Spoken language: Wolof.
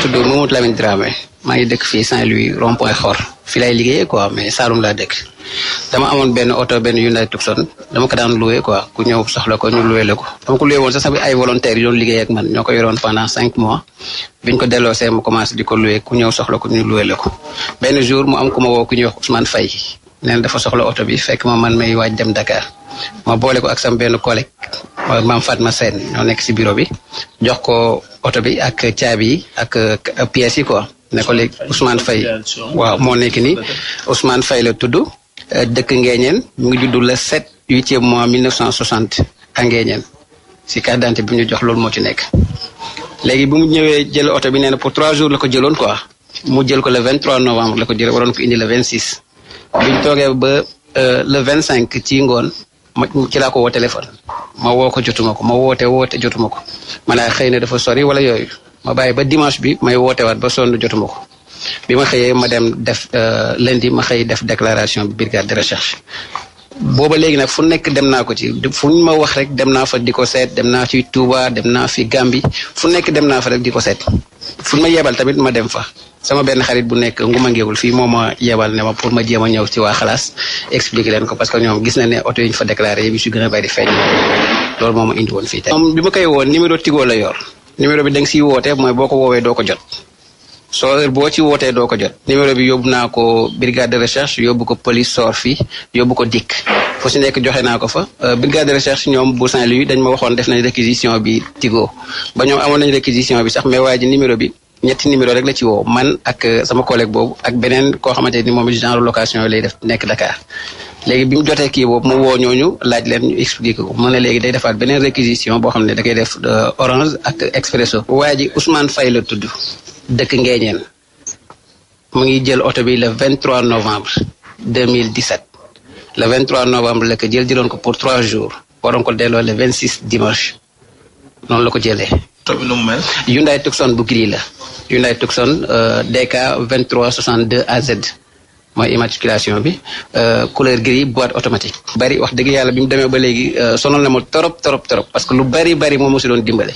tudd Mamadou Lamine Dramé maa ngi dëkk fii Saint-Louis rond-point Xor fii laay liggéeyee quoi mais Saloum laa dëkk dama amoon benn oto benn Hyundai Tucson dama ko daan loué quoi ku ñëw soxla ko ñu loué la ko. dama ko loué woon sax ay volontaires yu doon liggéey ak man ñoo ko yoroon pendant cinq mois biñ ko delloosee mu commencé di ko loué ku ñëw soxla ko ñu loué la ko benn jour mu am ku ma woo ku ñuy wax Ousmane Faye nee na dafa soxla oto bi fekk ma man may waaj dem Dakar ma boole ko ak sam benn collègue Manfaat Fatma Sen ñoo nekk si bureau bi jox ko oto bi ak caabi yi ak pièces yi quoi ne ko léegi Ousmane waaw moo nekk ni Ousmane Faye la tudd eh, dëkk Ngéñeen mu ngi judd le 7 huitième mois 1960 à Ngéñeen si carte d'identité bi ñu jox loolu moo ci nekk léegi bu mu ñëwee jël oto bi nee na pour trois jours la ko jëloon quoi mu jël ko le 23 novembre la ko jël waroon ko indi le 26 biñ toogee ba euh, le 25 ci ngoon ma ci laa ko woo téléphone ma woo ko jotuma ko ma woote woote jotuma ko ma naa xëy na dafa sori wala yooyu ma bàyyi ba dimanche bi may woote waat ba sonn jotuma ko bi ma xëyee ma dem def euh, lundi ma xëy def déclaration bi brigade de recherche booba léegi nag fu nekk dem naa ko ci fu ma wax rek dem naa fa di ko seet dem naa ci Touba dem naa fi Gambie fu nekk dem naa fa rek di ko seet fu ma yebal tamit ma dem fa sama benn xarit bu nekk nguma ngeegul fii moo ma yebal ne ma pour ma jéem a ñëw ci waa xalaas expliquer leen ko parce que ñoom gis na ne oto yiñ fa déclaré yi si gën a bari feeñ loolu moo ma indi woon fii tey moom bi ma koy woon numéro tigo la yor numéro bi da nga siy woote mooy boo ko woowee doo ko jot soo heure boo ci wootee doo ko jot numéro bi yóbbu naa ko brigade de recherche yóbbu ko police sort fii yóbbu ko dikk fu si nekk joxe naa ko fa brigade de recherche ñoom bu Saint-Louis dañ ma waxoon def nañ réquisition bi tigo ba ñoom amoon nañ réquisition bi sax mais waa ji numéro bi ñetti numéro rek la ci woo man ak euh, sama collègue boobu ak beneen koo xamante ni moom it genre location lay def nekk Dakar léegi bi mu jotee kii boobu mu woo ñooñu laaj leen ñu expliqué ko mu ne léegi day defaat beneen réquisition boo xam ne dakay def euh, orange ak expresso. waa ji Ousmane Faye la tudd dëkk Ngéeñeen mu ngi jël oto bi le 23 novembre 2017 le 23 novembre la ko jël jëloon ko pour trois jours waroon ko delloo vingt 26 dimanche noonu la ko jëlee. oto bi nu mu mel. bu gris la. Hyundai Tucson DK 2362 AZ mooy immatriculation bi euh, couleur gris boîte automatique. bari wax dëgg yàlla bi mu demee ba léegi euh, sonal na ma torop torop torop parce que lu bari bari moom mo si doon dimbale.